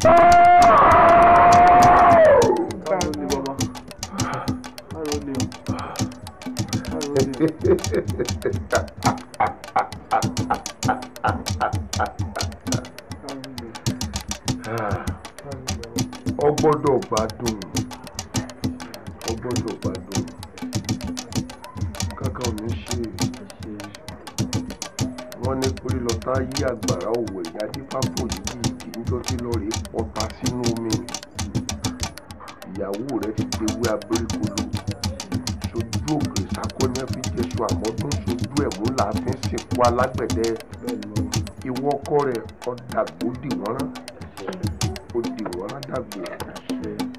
ọgbọ́dọ̀ gbádùn ọgbọ́dọ̀ gbádùn kàkà ò ní ṣe wọ́n ní kórìlọ́tà yí àgbàrá òwò ìyá dípá fòyí tó ti lọ rèé pọta sínú omi ìyàwó rẹ ti dewé abẹ́rẹ́kọlù sojú òkè sakọ́nyẹ́ fi jésù àmọ́dún sojú ẹ̀ mú láàfin sìnkú alágbẹ̀dẹ ìwọ ọkọ rẹ ọ̀dàgbò dìwọ́nrán òdìwọ́nrán dàgbò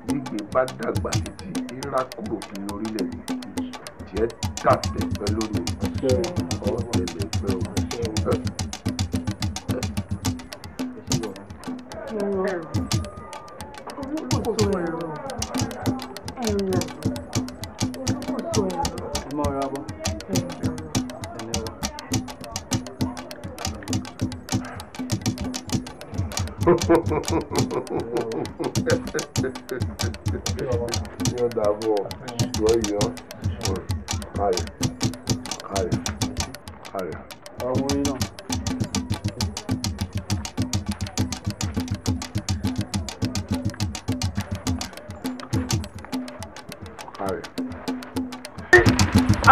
gbígbé bá dàgbà títí ìrákùrò kí orílẹ̀ yìí tiẹ̀ dàtẹ̀ pẹ́ lónìí. yóò dàbọ̀ ṣùgbọ́n yọ ayọ̀ ayọ̀ ayọ̀. àwọn oyin náà.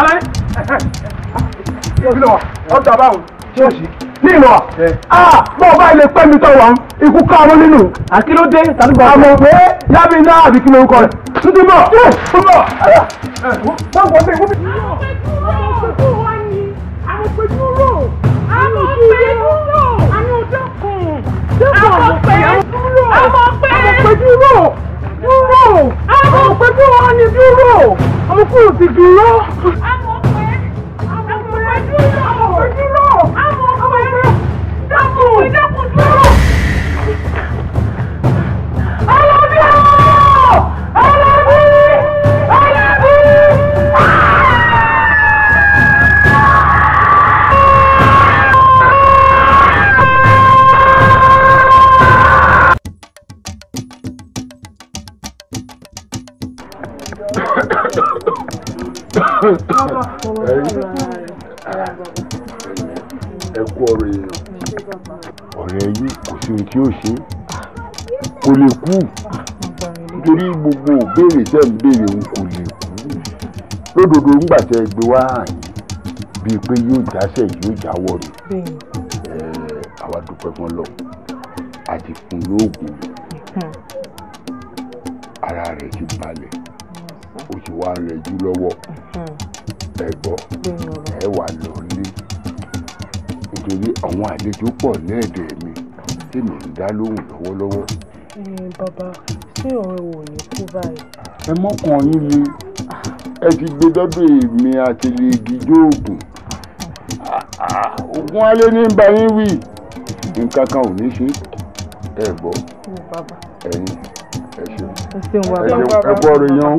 alẹ́ ọ̀dọ̀ báwo ṣọ́ọ̀ṣì ní ìlú wa. bọ́ọ̀ báyìí lè pẹ́ mi tọ́ wa ikú ká wọn nínú. àkílódé tàbí gbọ́dọ̀. àmọ̀ pé yábí iná àbí kí ló ń kọ rẹ̀. tuntun bọ̀ tuntun bọ̀. wọ́n wọ bẹ́ẹ̀ wọ́n bẹ́ẹ̀. àwọn òpèjú wọn ni àwọn òpèjú rò àwọn òpèjú rò àwọn òdòkùn àwọn òpèjú rò àwọn òpèjú rò dúró àwọn òpèjú wọn ni dúró àwọn kúrò ti dúró. tí ó ṣe kò lè kú nítorí gbogbo òbéèrè tẹ̀ ń béèrè òun kò lè kú lódodo ńgbà tẹ gbé wá àyè bíi pé yóò jásẹ̀ yóò jáwọ́ rẹ̀ àwa dúpẹ́ fún lọ àti fún lóògùn ara rẹ̀ ti balẹ̀ ó ti wá rẹjú lọ́wọ́ ẹ gbọ́ ẹ wà lọ́ọ́lé nítorí àwọn àlejò pọ̀ lẹ́ẹ̀dẹ̀ẹ́ mi tèmi ń dá lóhùn lọ́wọ́lọ́wọ́. bàbá ṣé ọ̀rẹ́ wò ní kú báyìí. ẹ mọ́kàn yín ni ẹ ti gbé dọ́dọ̀ èmi àti lè gijó oògùn oògùn alẹ́ ní bá yín wí nǹkan kan ò ní ṣe ẹ bọ́ ẹ̀yin ẹ ṣeun ẹ bọ́ ọ̀rọ̀ yan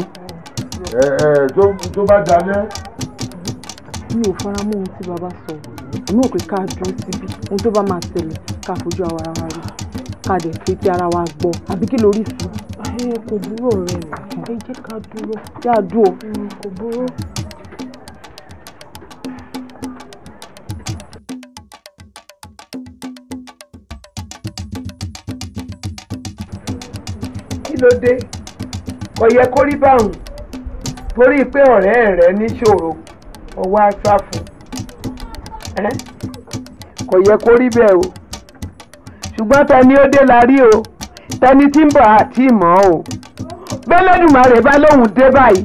tó bá dalẹ̀. mi ò fara mọ́ ohun tí bàbá sọ àmọ́ òpè ká dúró síbi ohun tó bá máa ṣẹlẹ̀ ká fojú ara wa rí ká dẹ̀ fi ti ara wa gbọ́ àbí kí lórí sùn. ẹ kò burú ọ̀rẹ́ ẹ jẹ́ ká dúró. yá dúró. Mm, kò burú. kí ló dé kò yẹ kó rí báwọn torí pé ọ̀rẹ́ rẹ̀ níṣòro ọwọ́ á sá fún un kò yẹ kó rí bẹ́ẹ̀ o ṣùgbọ́n tẹni ó dé la rí o tẹni tí ń bọ̀ àti ìmọ̀ o bẹ́lẹ́dùmarè bá lóun dé báyìí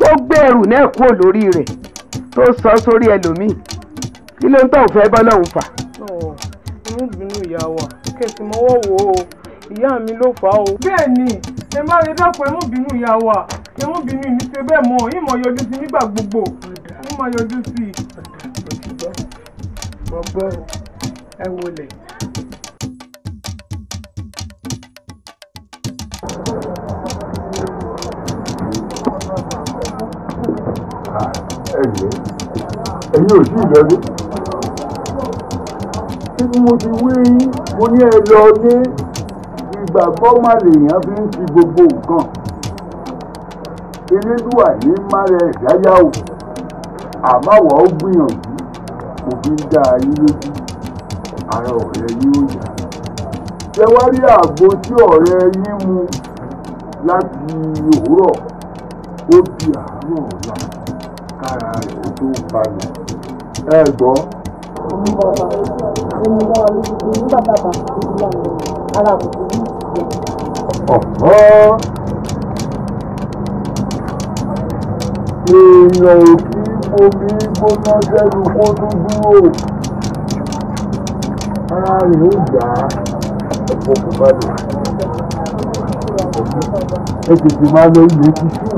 tó gbé ẹrù náà kúrò lórí rẹ̀ tó sọ sórí ẹlòmíì kí ló ń tọ̀ fẹ́ bọ́ lọ́hùn fà. inú bínú ìyá wa kẹsì mọ́wọ́ wò ó ìyá mi ló fà á bẹ́ẹ̀ ni ẹ má rí dákun ẹ bínú ìyá wa ẹ bínú ìníṣẹ́ bẹ́ẹ̀ mọ́ ìmọ̀ yọjú sí nígbà gbogbo ìmọ̀ yọjú sí bọ̀bọ̀ ẹ wọlé. ẹ̀yẹ́ ẹ̀yin ò sí ìlọlé tí mo ti wí mo ní ẹ lọ ní ìgbàgbọ́ má lèèyàn fi ń ti gbogbo nǹkan elédùà ní má rẹ̀ dáyà o àmọ́ wọ́n gbìyànjú mo fi ń dá ayé lójú ara ọ̀rẹ́ yóò yá ṣé wá rí àgbo tí ọ̀rẹ́ yín mu láti òwúrọ̀ ó di àárọ̀ ọ̀la kára rẹ̀ tó balẹ̀ ẹ gbọ́. èèyàn ò omi gbóná sẹ́nu kó tún dúró ara rẹ̀ ó gbà á ẹ̀fọ́ kò bá é ó tètè máa lọ ilé títú.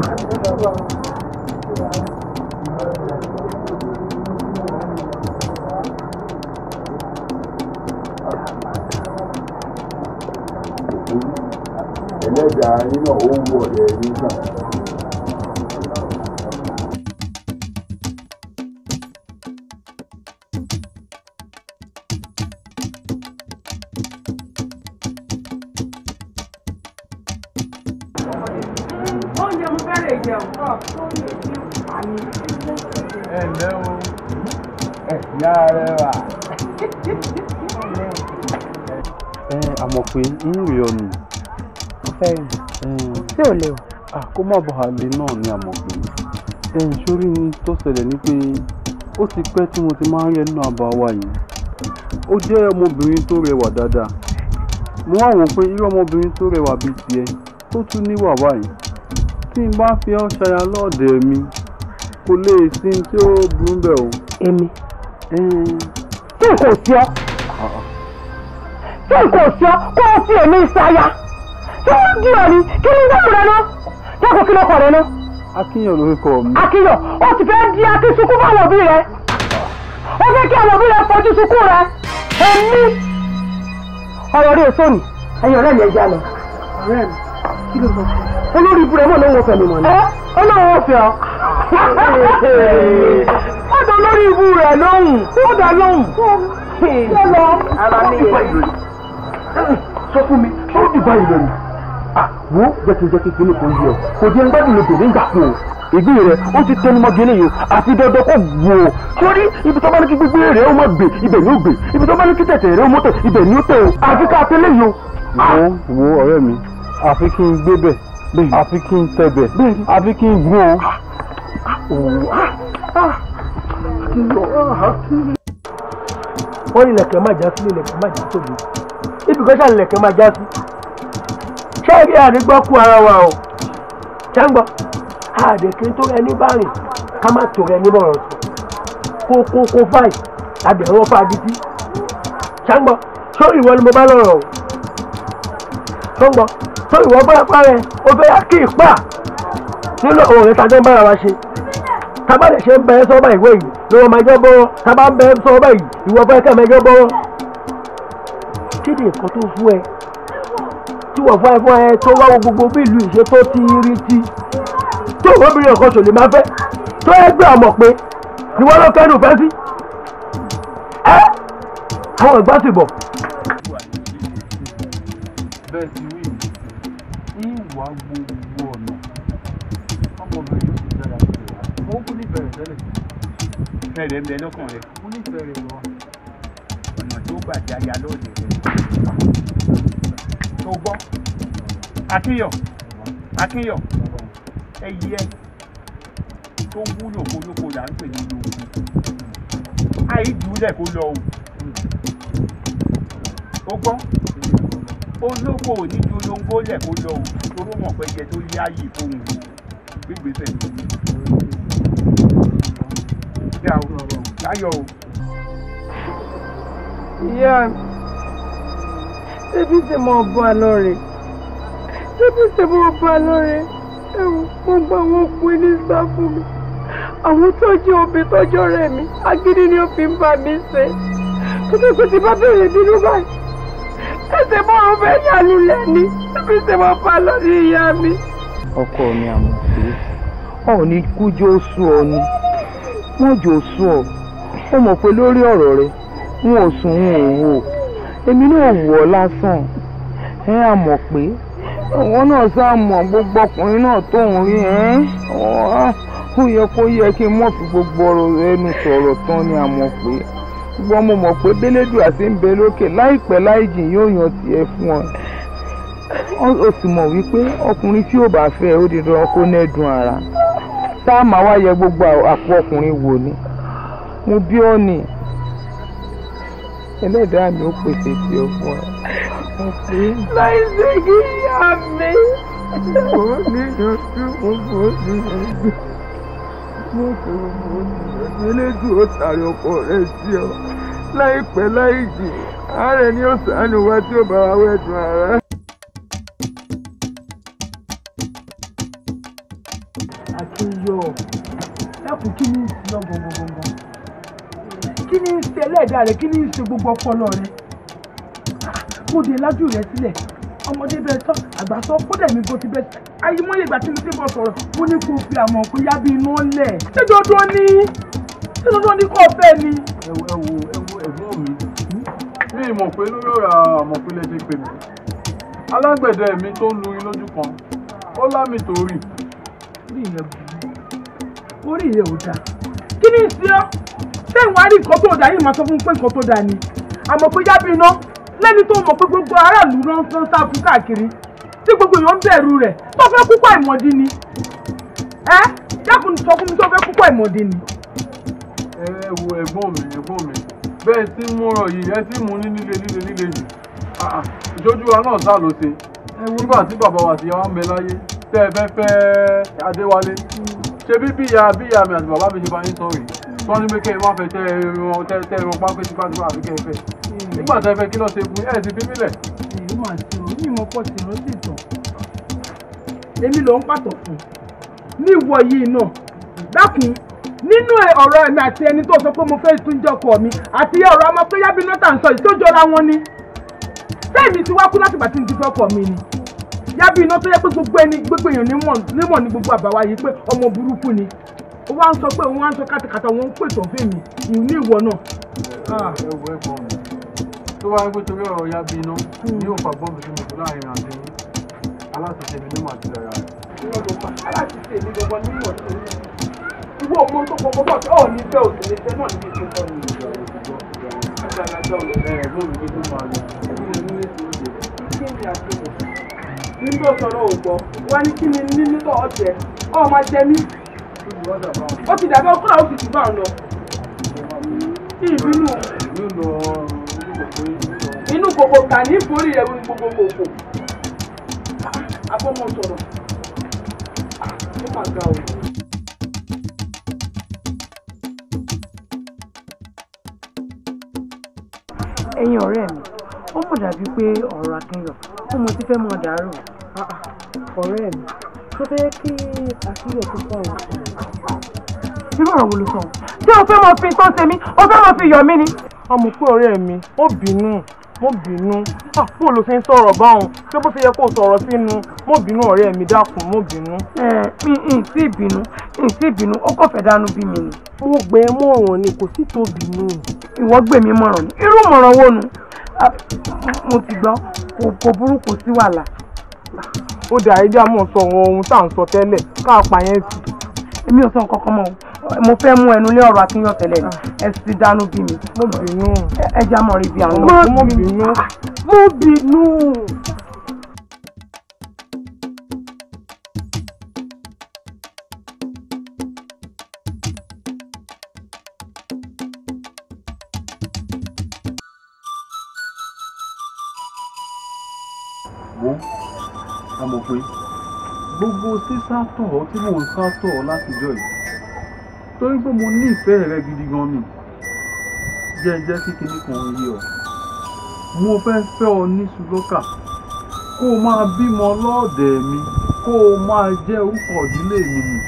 kó má bàa náà ni àmọ̀ pé sórí ni tó ṣẹlẹ̀ pé ó ti tí mo ti máa ń rí ẹnu àbá wa yìí ó jẹ́ ọmọbìnrin tó rẹwà dáadáa mo wá wò pé irú ọmọbìnrin tó rẹwà bíi tiẹ̀ tó tún ní wàwá yìí tí n bá fi ọ́ ṣaya lọ́ọ̀dẹ̀ mi kò lè sí tí ó burú bẹ́ẹ̀ o. tí n kò sí ọ tí n kò sí ọ kí ni wọ́n dákun kí ló kọ̀ rẹ ná. akínyàn ló kọ mi. akínyàn ó ti fẹ́ di akínsukú fún àwọn òbí rẹ ó fẹ́ kí àwọn òbí rẹ fojú sunkún rẹ èmi. ọ̀rọ̀ rẹ̀ sóni ẹ̀yin ọ̀rẹ́ mi ẹ̀ já lọ. ọ̀rẹ́ mi kí ló sọ fún mi. olórí ibùdó mọ̀ ló ń wọ fẹ̀mí mọ̀ ni. ó lóun ò fẹ́ ọ. ó dán lórí ibu rẹ̀ lóhùn ó dán lóhùn. ṣé lọ. ara mi yẹ. sọ fún mi ó dìbò ìlú ni àwo jẹ́kíjẹ́kí kíní kò yẹ ọ kò jẹ́ gbádùn lè bèrè ńgbà fún o ìgbín rẹ ó ti tẹnumọ́ gẹ́lẹ́ yìí àfi dandan kó wò ó sórí ibi tó bá ní kí gbígbé rẹ ó má gbè ibẹ̀ ni ó gbè ibi tó bá ní kí tẹ̀tẹ̀ rẹ ó mọ́tò ibẹ̀ ni ó tẹ̀ o àfi ká tẹ́lẹ̀ yìí o. wo ah! wo ọ̀rẹ́ mi àfi kí n gbé bẹ̀ àfi kí n tẹ̀ bẹ̀ àfi kí n gún o wọ́n ah! ah! ní lẹ̀kẹ̀ máa já sí lẹ̀kẹ̀ máa já sóbi ibi kan ṣáà lẹ̀kẹ̀ máa já sí ṣáàrí àdégbọ́kú ara wa o ṣàǹgbọ́ àdèkè tó rẹ ní bárìn ká má tó rẹ ní bọ̀rọ̀ sùn kó kó kó fáì àbẹ̀wọ́ fàdídí ṣàǹgbọ́ tó ìwọ ni mo bá lọ́rọ̀ o ṣàǹgbọ́ tó ìwọ bọ́lápá rẹ o fẹ́ yá kí ìpá nínú ọ̀rọ̀ rẹ tàjọ́ ń bára wa ṣe tábàdé ṣe ń bẹ ẹ sọ́ọ́bà ìwé yìí ni wọ́n máa jẹ́ bọ́rọ̀ tábà ń bẹ ẹ sọ́ọ́bà yìí ìwọ fẹ́ kẹ́ mẹ́jọ bọ́rọ̀ kéde nǹkan tó fún ẹ tí wọ́n fún ẹ tó wá gbogbo bí ìlú ìṣe tó ti rí ti tí òun obìnrin ṣòlè máa fẹ́ tó ẹ gbé pé ni wọ́n lọ kẹ́nu fẹ́ sí ẹ àwọn ìgbà sì bọ̀. bẹ́ẹ̀ ti rí ní ìwà gbogbo ọ̀nà ọmọbìnrin yóò ti dára sí i ó kú nífẹ̀ẹ́ tẹ́lẹ̀. ìfẹ́ rẹ̀ ń lọ́kàn rẹ̀. ó nífẹ̀ẹ́ rẹ̀ lọ ọ̀nà tó gbàjá ya rẹ̀ tó gbọ́ akínyọ̀ ẹyẹ tó wúlò kólókó là ń pè ní lóògùn àìjùlẹ̀ kó lọ o ó olóko ò ní jolongo lẹ̀ kó lọ o toró mọ̀ pé jẹ tó yé ayé fóun gbígbésẹ̀ lórí yà ó láyọ̀ o. ìyá ṣébí ṣe mọ ọba lọrẹ ṣébí ṣe mọ ọba lọrẹ ẹwù gbogbo àwọn òkú ilé sá fún mi àwọn tọ́jú òbí tọ́jú ọ̀rẹ́ mi agídí ni ó fi ń bá mi ṣe kótópó ti bá bèrè bínú báyìí ẹsẹ̀ mọ́rùn fẹ́ yàlú lẹ́ni ṣébí ṣe mọ ọba lọrẹ ìyá mi. ọkọ mi àmọ̀pé ọ̀ ní kújọ́ sùn ọ ni wọ́n jọ sùn ọ ó mọ̀ pé lórí ọ̀rọ̀ rẹ wọn ò sùn wọn ò wò èmi náà wọ̀ ọ́ lásán ẹ á mọ̀ pé àwọn náà sá mọ̀ gbogbo ọkùnrin náà tóun rí ẹ́ ó yẹ kó yẹ kí n mọ̀ fi gbogbo ọ̀rọ̀ ẹnu sọ̀rọ̀ tán ni a mọ̀ pé ṣùgbọ́n mo mọ̀ pé délédùà sí ń bẹ lókè láìpẹ́ láìjìn yóò yan tiẹ̀ fún ọ ó sì mọ̀ wípé ọkùnrin tí ò bá fẹ́ ó di dandan kó nẹ́dùn ara tá a máa wá yẹ gbogbo àpò ọkùnrin wò ni mo bí ọ́ ni ẹlẹ́dàá mi ó pèsè tí o fún ọ. láì ṣe kí ìyá mi. mo ní ojú mo bò ó ní ojú mo bò ó mo ní ojú eléjú ó sàrè ọkọ rẹ sí ọ láìpẹ́ láì jì ààrẹ ni ó sàánú wa tí ó bá wa wẹ̀dùn ara. àti yọ ẹ kò kí ni lọ gbọngbọngbọngbọn kí ni ṣe ẹlẹ́ẹ̀dá rẹ kí ni ṣe gbogbo ọpọlọ rẹ mo dé lájú rẹ sílẹ̀ ọmọdé bẹ tán àgbà sọ kódà mi bó ti bẹ ayémọ́yé ìgbà tí mo ti bọ̀ sọ̀rọ̀ mo ní kó fi àmọ̀ pé yá bí iná lẹ̀ ṣé dandan ni ṣé dandan ni kò fẹ́ ni. ẹ wo ẹ wo ẹ̀gbọ́n mi ní ìmọ̀ pé lórí ọ̀rọ̀ àmọ̀pínlẹ̀ ṣe pè mí alágbẹ̀dẹ mi tó lu ilójú kan ó lámì tó rì. orí rẹ orí rẹ ò dáa kí ni ìsìn ọ́ ṣé ìwà rí nǹkan tó dáa yìí máa sọ fún mi pé nǹkan tó dáa ni àmọ́ pé yá bí iná lẹ́ni tó mọ̀ pé gbogbo aráàlú ló ń sán sáfù káàkiri tí gbogbo èèyàn ń bẹ̀rù rẹ̀ tó fẹ́ kúkọ́ ìmọ̀dí ni ẹ dákun sọ fún mi tó fẹ́ kúkọ́ ìmọ̀dí ni. ẹ wo ẹ̀gbọ́n mi ẹ̀gbọ́n mi bẹ́ẹ̀ tí mo rọ̀ yìí ẹ tí mo ní líle líle líle yìí ah, ah, ìjọ́jú wa náà sá ló ṣe nígbà tí bàbá wa ti yá wa ń bẹ láyé tẹ́ ẹ fẹ́ fẹ́ Adéwálé mm. ṣe bí bíyà bíyà mi àti bàbá mi ṣe bá yín sọ rèé wọ́n ní pé kẹ́ ẹ má fẹ́ tẹ́ ẹ wọn tẹ́ ẹ wọn pápẹ́ tí pàṣípà àbí kẹ́ ẹ fẹ́ nígbà tẹ́ ẹ fẹ́ kí lọ́ọ́ ṣe fún ẹ ti fi mí lẹ̀. èyí mà ti rò ní ìmọ̀ pọ̀ sí rò sí ìtàn èmi ló ń pàtó fún ní ìwọ yìí náà dákun nínú ọ̀rọ̀ ẹ̀mí àti ẹni tó sọ pé mo fẹ́ tún jẹ́ mi àti ọ̀rọ̀ ọmọ pé yábí náà tà ń sọ yìí tó jọra wọn ni fẹ́ẹ̀mí ti wá kú láti bàtí ní ti ọkọ mi ni yábí iná tó yẹ pé gbogbo ẹni gbogbo èèyàn nímọ̀ ní gbogbo àbáwá yìí pé ọmọ burúkú ni ó wá ń sọ pé òun wá ń sọ kátàkátà òun ń pètò fún mi ní ìwọ náà. ẹ wo ẹ bọ̀ mi tó wáá pé torí ọ̀rọ̀ ya bí iná ní òǹfà bọ́ọ̀lù sí mọ̀tò láàrin àti yín aláṣẹṣe mi ní màá ti dára rẹ̀. aláṣẹṣe mi gbogbo ní ìwọ̀n tó ní ìwọ ọmọ tó pọ̀ pọ̀ pọ̀ ọ̀ ní bẹ́ẹ̀ òsì ní bẹ́ẹ̀ náà ní ìṣe tọ́ ni ìjọ nígbà sọ̀rọ̀ ògbọ́ wá ní kí ni nínú tọ̀ ọ̀jẹ̀ ọ̀ máa jẹ mí ó ti dàbí ọkùnrin ó ti jù bá ọ lọ ìbínú inú kòkò kà ní ìforí rẹ wí gbogbo kòkò abọ́mọ sọ̀rọ̀ ó mà ga o. ẹ̀yin ọ̀rẹ́ mi ó mọ̀ dàbí pé ọ̀rọ̀ akínyọ̀ ó mo ti fẹ́ mọ̀ dàrú ọ̀rẹ́ mi tó fẹ́ kí àṣírí irú ọ̀rọ̀ wo ló sọ? ṣé o fẹ́ mọ fi tó ṣe mí o fẹ́ mọ fi yọ̀ mí ni. ọmọ pé ọ̀rẹ́ mi ó bínú mo bínú àpò ló sọ̀rọ̀ báwọn ṣé bó ṣe yẹ kó sọ̀rọ̀ sínú mo bínú ọ̀rẹ́ mi dákun mo bínú. ẹ ǹ tí bínú ǹ tí bínú ó kọ̀ dánú bí mi ni. mo gbé mọ̀ràn ni kò sí tó bínú. ìwọ gbé mi mọ̀ràn ni irú mọ̀ràn wo nu mo ti gbọ́ kò burú sí wàhálà ó dà ẹ jẹ́ àmọ́ sọ àwọn ohun tá à ń sọ tẹ́lẹ̀ ká pa yẹn sí. èmi ò sọ nǹkan kan mọ́ mo fẹ́ mú ẹnu lé ọ̀rọ̀ akínyàn tẹ́lẹ̀ ni ẹ ti dánú bí mi. mo bínú. ẹ jẹ́ àmọ́ rí bí àwọn. mo bínú. mo bínú. pé gbogbo sísátọ̀ tí mò ń sátọ̀ látijọ́ yìí torí pé mo nífẹ̀ẹ́ rẹ gidi gan ni jẹ́jẹ́ sí kinní kan yé ọ mo fẹ́ fẹ́ ọ ní sùlọ́kà kó o máa bímọ lọ́ọ̀dẹ̀ mi kó o máa jẹ́ orúkọ ìdílé mi nì.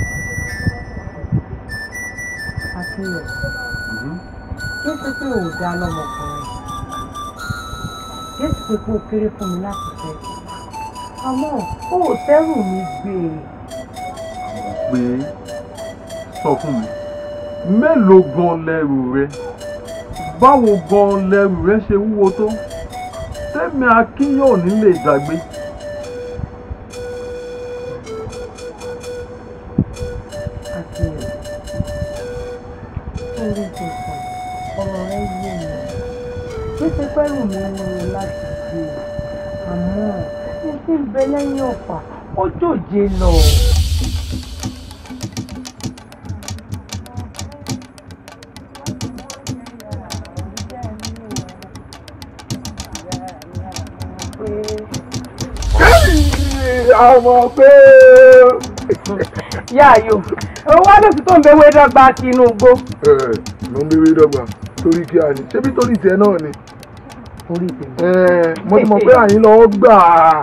àti rẹ̀ kí pípé ò dá lọ́mọkùnrin kí pípé ó kéré fún mi láti fẹ́ àmọ́ ó ò tẹ́rù mi gbé e. àmọ́ pé sọ fún mi mélòó gan lẹ́rù rẹ báwo gan lẹ́rù rẹ ṣe wúwo tó tẹ́mi akínyàn ò ní ẹlẹ́yin ọ̀fà ó jòjé lọ. àmọ́ pé. yáàyò owó àdókù tó ń bewé dọ́gba sí inú igbó. ẹ ẹ ló ń bewé dọ́gba torí kí a ní ṣé bí torí tiẹ̀ náà ni. torí tiẹ̀. ẹ mo ti pé àyín lọ́wọ́ gbà á.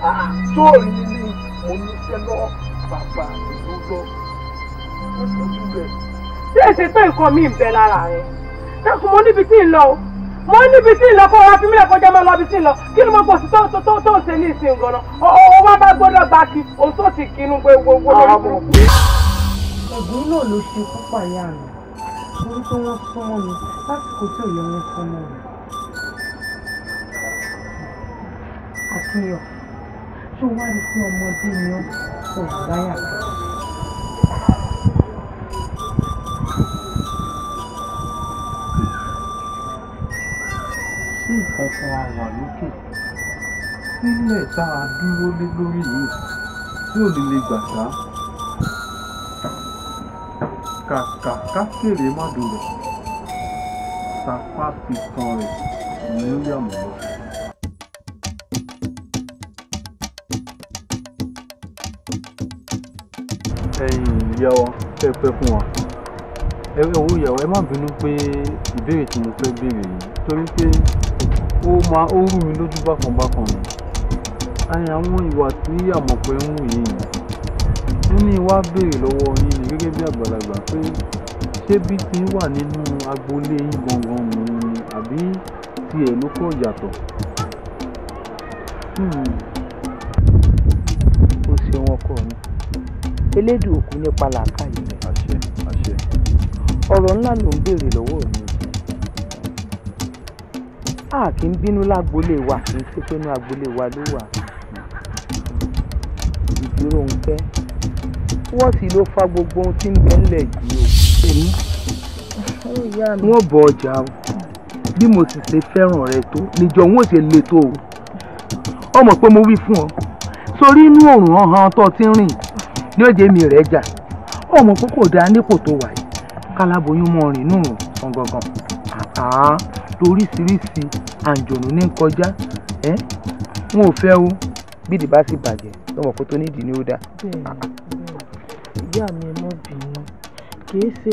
tó ní ní mo níṣẹ́ lọ́wọ́ bàbá mi ló lọ lọ́sọ̀ọ́dún rẹ̀. ṣé èsì tó nǹkan mi ń bẹ lára rẹ dákun mo níbi tí ń lọ o mo níbi tí ń lọ kó o ra fi mílẹ̀ kọjá máa lọ ibi tí ń lọ kí ni mo gbọ́ sí tó tó tó tó ṣe ní ìsìn gan-an o wá bá gbọ́dọ̀ gba kí o tó ti kinu pé wo wo lórí ah, burúkú. ẹ̀gbọ́n náà ló ṣe púpà yá mi torí pé wọ́n súnmọ́ mi lásìkò tí òye wọn súnmọ́ mi. àtúnyọ̀ tó wá ní fún ọmọdé ni ó kò láyà. sí nǹkan kan a wà lókè nílẹ̀ tá a dúró lé lórí yìí tí ò ní lè gbàgbá kàkà kákèrè mọ́dún rẹ̀ sapá ti tán rẹ̀ ní ó ìyá wa fẹ́ pẹ́ fún wa ẹ wo ìyá wa ẹ má bínú pé ìbéèrè tí mo fẹ́ béèrè yìí torí pé ó máa ó rú mi lójú bákan bákan ni àyìn àwọn ìwà tí àmọ̀pẹ́ ń wù yìí nínú ìwà béèrè lọ́wọ́ yín ni gẹ́gẹ́ bí àgbàlagbà pé ṣé bí ti wà nínú agboolé yín gangan mò ni àbí tiẹ̀ ló kọ̀ yàtọ̀. Hmm. elédùn òkú nípa làákàyè rẹ̀. àṣẹ àṣẹ. ọ̀rọ̀ ńlá ló ń béèrè lọ́wọ́ mi. a kì í bínú lágbolé wa kì í ṣe pé inú agbolé wa ló wà. ìdúró ń pẹ́ wọ́n sì ló fa gbogbo ohun tí ń bẹ ńlẹ̀ yìí o. èmi wọ́n bọ ọjà o bí mo sì ṣe fẹ́ràn rẹ tó níjọ wọn ò ṣe le tó o ọmọ pé mo wí fún ọ sórí inú òòrùn ọ̀hán tó ti ń rìn ní òjé mi rẹ̀ jà ọmọ kókò dá nípò tó wà yìí káláboyún mọ́ rìn nù rùn gangan àá lóríṣiríṣi àǹjọ̀nù ní kọjá ẹ́ wọn ò fẹ́ o bí ìdìbá sì bàjẹ́ lọ́mọ kó tó nídìí ni ó dá. ìyá mi ẹ mọ̀ bínú kì í ṣe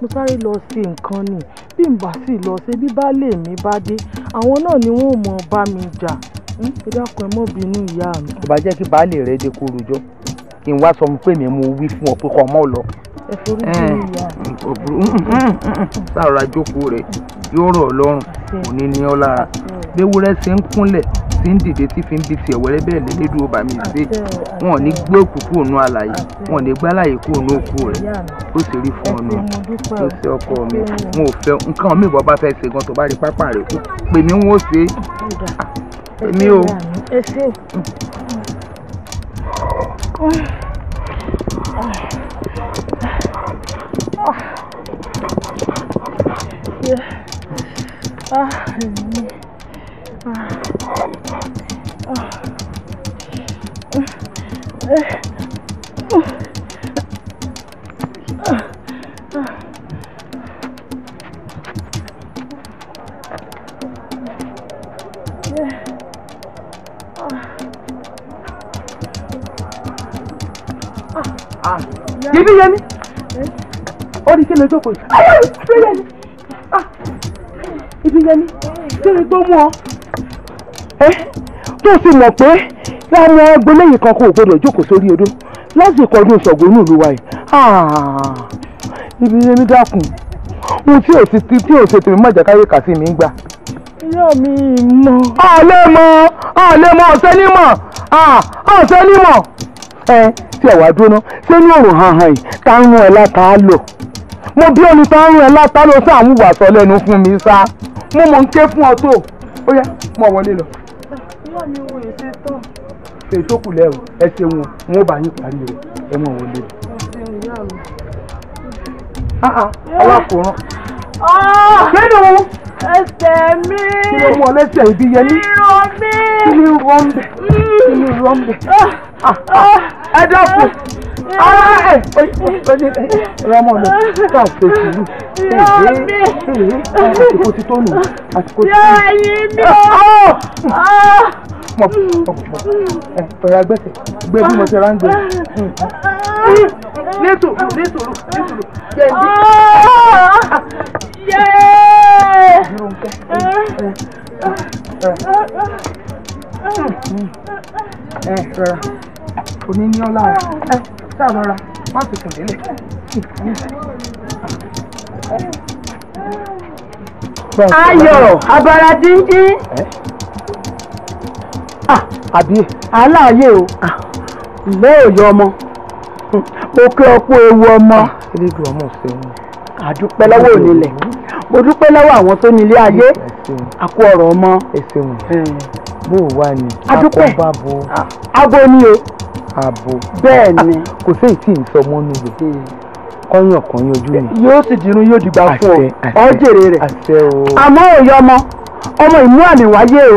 mo sáré lọ sí nǹkan ni bí n bá sì lọ ṣe bí baálé mi bá dé àwọn náà ni wọn ò mọ bá mi jà ẹ dákun ẹ mọ̀ bínú ìyá mi. kò bá jẹ́ kí baálé rẹ dé kó rojọ́ kí n wá sọ fún pé mi mo wí fún ọ pé kọ́ ọmọ lọ. ẹ forí sí ìyá. sàrà jókòó rẹ yóò rọ̀ lọ́rùn òní ní ọ lára léwúrẹ́ ṣe ń kúnlẹ̀ tí ń dìde tí fi ń bi tiẹ̀ wẹ́rẹ́ bẹ́ẹ̀ lélẹ́dù ọba mi ṣe wọn ò ní gbé òkú kúrò nú àlàyé wọn ò ní gbá àlàyé kúrò nú òkú rẹ̀ ó sì rí fún ọ̀nà ló ṣe ọkọ mi wọn ò fẹ́ nǹkan mi ìwọ bá fẹ́ ṣe gan tó bá rí pápá rẹ̀ kú pè mí wọn ò ṣe é èmi o. 아, 아, 아, ibi yẹmi ó di kí ló jókòó yìí ayé ah. ibi yẹmi ibi yẹmi kí ni tó mú ọ ẹ tó o sì mọ̀ pé láwọn ẹgbẹ́ lẹ́yìn kan kò gbọdọ̀ jókòó sórí odó lásìkò ọdún ìṣọ̀gbọ́n ní ìlú wa yìí ah. ibi yẹmi dákun ohun tí ò ti ti tí ò ṣe tèmi mọ̀jà káyé kà sí mi ń gbà. ìyá mi mọ. àlẹ́ mọ àlẹ́ mọ ọ̀sẹ́ ní mọ̀ ọ̀sẹ́ ní mọ̀. Ah, ẹ tí ẹ wá dúró ṣé ní òrùn hanhan yìí tá ń rún ẹ láta lò mo bí ẹni tá ń rún ẹ láta lò sí àwọn ìwàsọ lẹ́nu fún mi sá mo mọ̀ ń ké fún ọ tó ó yẹ mọ̀ wọlé lọ. wọ́n mi wo èsè tán. ètò kù lẹ́rù ẹ ṣe wọn wọn ò bá yín parí rẹ ẹ mọ̀ wọlé. ọ̀sẹ̀ ìyá mi. alákòóràn. Ah! nínú ẹsẹ̀ mi kí ló mú ọ lẹ́sẹ̀ ibi yẹmí kí ni rọ ń bẹ̀ kí ni rọ ń bẹ̀ ẹ dákun ara ẹ ọmọ lọ ká fẹ́ sùúrù àsìkò ti tó nù àsìkò ti tó nù ah! ah! mọ ẹ ọ̀rọ̀ agbẹ́sẹ̀ gbé bí mo ti ra ń gbé. nítorí nítorí nítorí gbẹ̀ndé Ronke. ẹ rọra ah, kò ní ní ọlá ẹ ṣáà rọra má fi kùn délé. ayọ̀ abara díndín. àbí aláàyè o ah. ǹlẹ́ òye ọmọ òkè ọkọ ewu ọmọ. Ah, àdúpẹ́ lọ́wọ́ onílẹ̀ mo dúpẹ́ lọ́wọ́ àwọn tó nílé ayé àkó ọ̀rọ̀ ọmọ. ẹ ṣeun bó o wà ní. adúpẹ́ abo ni o. abo bẹ́ẹ̀ ah, ni. kò sí èyí tí ì sọ mọ́nú rẹ̀ kọ́yàn kọ́yàn ojú mi. yóò sì dirun yóò dìgbà fún ọ ọ jèrè àmọ́ òye ọmọ ọmọ ìmú àmì wáyé o.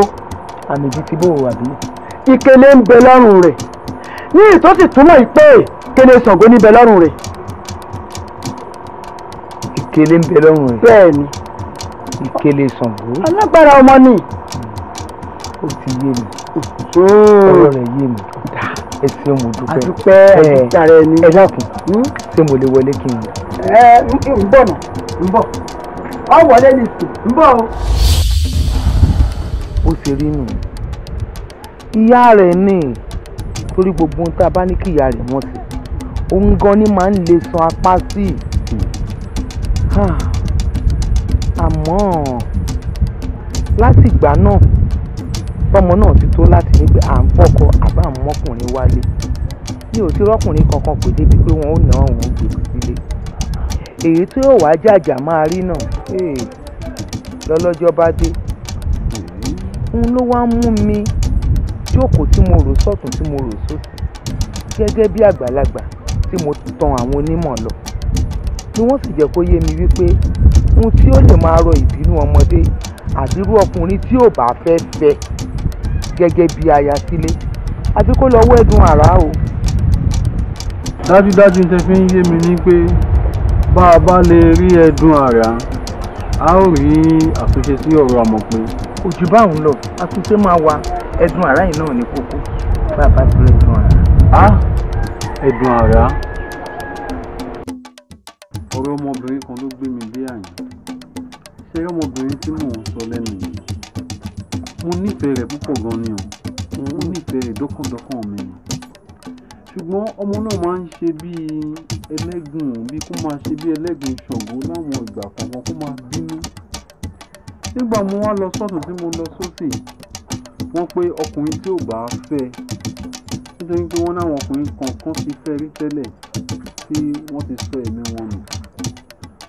àmì bíi ti bó o wà bí. ìkèlè ń bẹ lọ́rùn rẹ̀ ní ìtòsí túmọ̀ ìpè kele Ṣàngó níbẹ̀ lọ́rùn rẹ̀ ìkélé ń bẹ lọ́rùn rẹ̀. bẹ́ẹ̀ni. ìkélé Ṣàngó. alágbára ọmọ ni. ó ti yé mi. ọ̀rọ̀ rẹ̀ yé mi. ẹ ṣe mo dúpẹ́. àdúpẹ́ àdúgbàrá ẹni. ẹ dákun hmm? ṣé mo lè wọlé kí n. ẹ ń bọ̀ nà ń bọ̀ ọ wọlé ní sùn ń bọ̀ o. ó ṣe rí nù ìyá rẹ̀ ní torí gbogbo ohun tá a bá ní kí ìyá rẹ̀ wọ́n ti òun gan ni màá ń lè san apá sí i àmọ́ látìgbà náà tọmọ náà ti tó láti ní pé à ń fọkọ àbá ń mọkùnrin wálé mi ò ti rọkùnrin kankan pè débi pé wọn ò ná òun gbè sílé èyí tí yóò wá jàjà máa rí náà eh, lọ́lọ́jọ́ bá dé n ló wá mú mi jókòó tí mo rò sọ́tún tí mo rò sósì gẹ́gẹ́ bí àgbàlagbà tí mo tan àwọn onímọ̀ lọ ni wọ́n sì jẹ́ kó yé mi wípé ohun tí ó lè máa rọ ìbínú ọmọdé àbírú ọkùnrin tí ò bá fẹ́ fẹ́ gẹ́gẹ́ bí aya sílé àti kó lọ́wọ́ ẹ̀dùn àrá o. dájúdájú tẹ fi ń yé mi ní pé bá a bá lè rí ẹ̀dùn àrá a ó rí àtúnṣe sí ọ̀rọ̀ àmọ̀pé. òjò báwọn lọ àtúnṣe máa wà ẹ̀dùn àrá yìí náà ní kókó bá a bá ti ẹ̀dùn àrá. a ẹ̀dùn àrá ọmọbìnrin kan ló gbé mi dé àyìn ṣé ọmọbìnrin tí mò ń sọ lẹ́nu yìí mo nífẹ̀ẹ́ rẹ̀ púpọ̀ gan ni o mo nífẹ̀ẹ́ rẹ̀ dọ́kàndọ́kàn mi ni ṣùgbọ́n ọmọ náà máa ń ṣe bíi ẹlẹ́gùn bíi kó máa ṣe bíi ẹlẹ́gùn ṣọ̀gbọ́ láwọn ìgbà kọ̀ọ̀kan kó máa bínú nígbà mo wá lọ sọ́tún tí mo lọ sósì wọ́n pé ọkùnrin tí ò bá fẹ́ nítorí pé wọ́n láwọn ọkùnrin kọ̀ọ̀kan ti fẹ́ rí tẹ́lẹ̀ tí wọ́n ti sọ ẹ̀mí wọn nù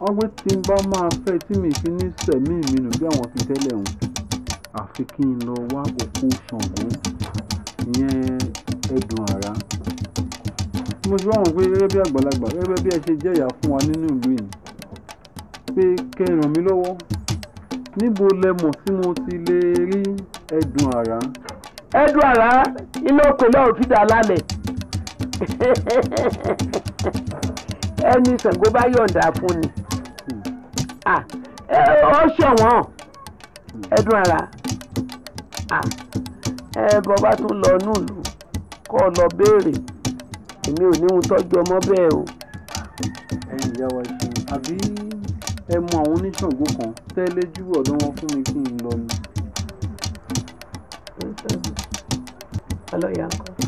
wọ́n pé tí n bá máa fẹ́ tí mi fi ní sẹ̀mí mi bí àwọn fi tẹ́lẹ̀ hùn àfi kí n lọ wá òkú Ṣàngó ìyẹn ẹ̀dùn àrá mo ti wá wọn pé gẹ́gẹ́ bí àgbàlagbà gẹ́gẹ́ bí ẹ ṣe jẹ́ ìyá fún wa nínú ìlú yìí pé kẹ́ ẹ ràn mí lọ́wọ́ níbo lẹ mọ̀ tí mo ti lè rí ẹ̀dùn àrá. ẹ̀dùn àrá iná kò lọ́ọ̀ fi dà lálẹ́. ẹni Ṣàngó bá yọ̀ǹda fún ni ó ṣọ̀wọ́n ẹdún ara bọ́ bá tún lọ nílùú kọ́ lọ béèrè èmi ò ní ohun tọ́jú ọmọ bẹ́ẹ̀ o. ẹ̀yin ìyá wa ṣe àbí ẹ mọ àwọn oníṣàngó kan tẹ́lẹ̀ jù ọ̀dọ̀ wọn fún mi kí n lọ ni. ọlọ́yà ń kọ́.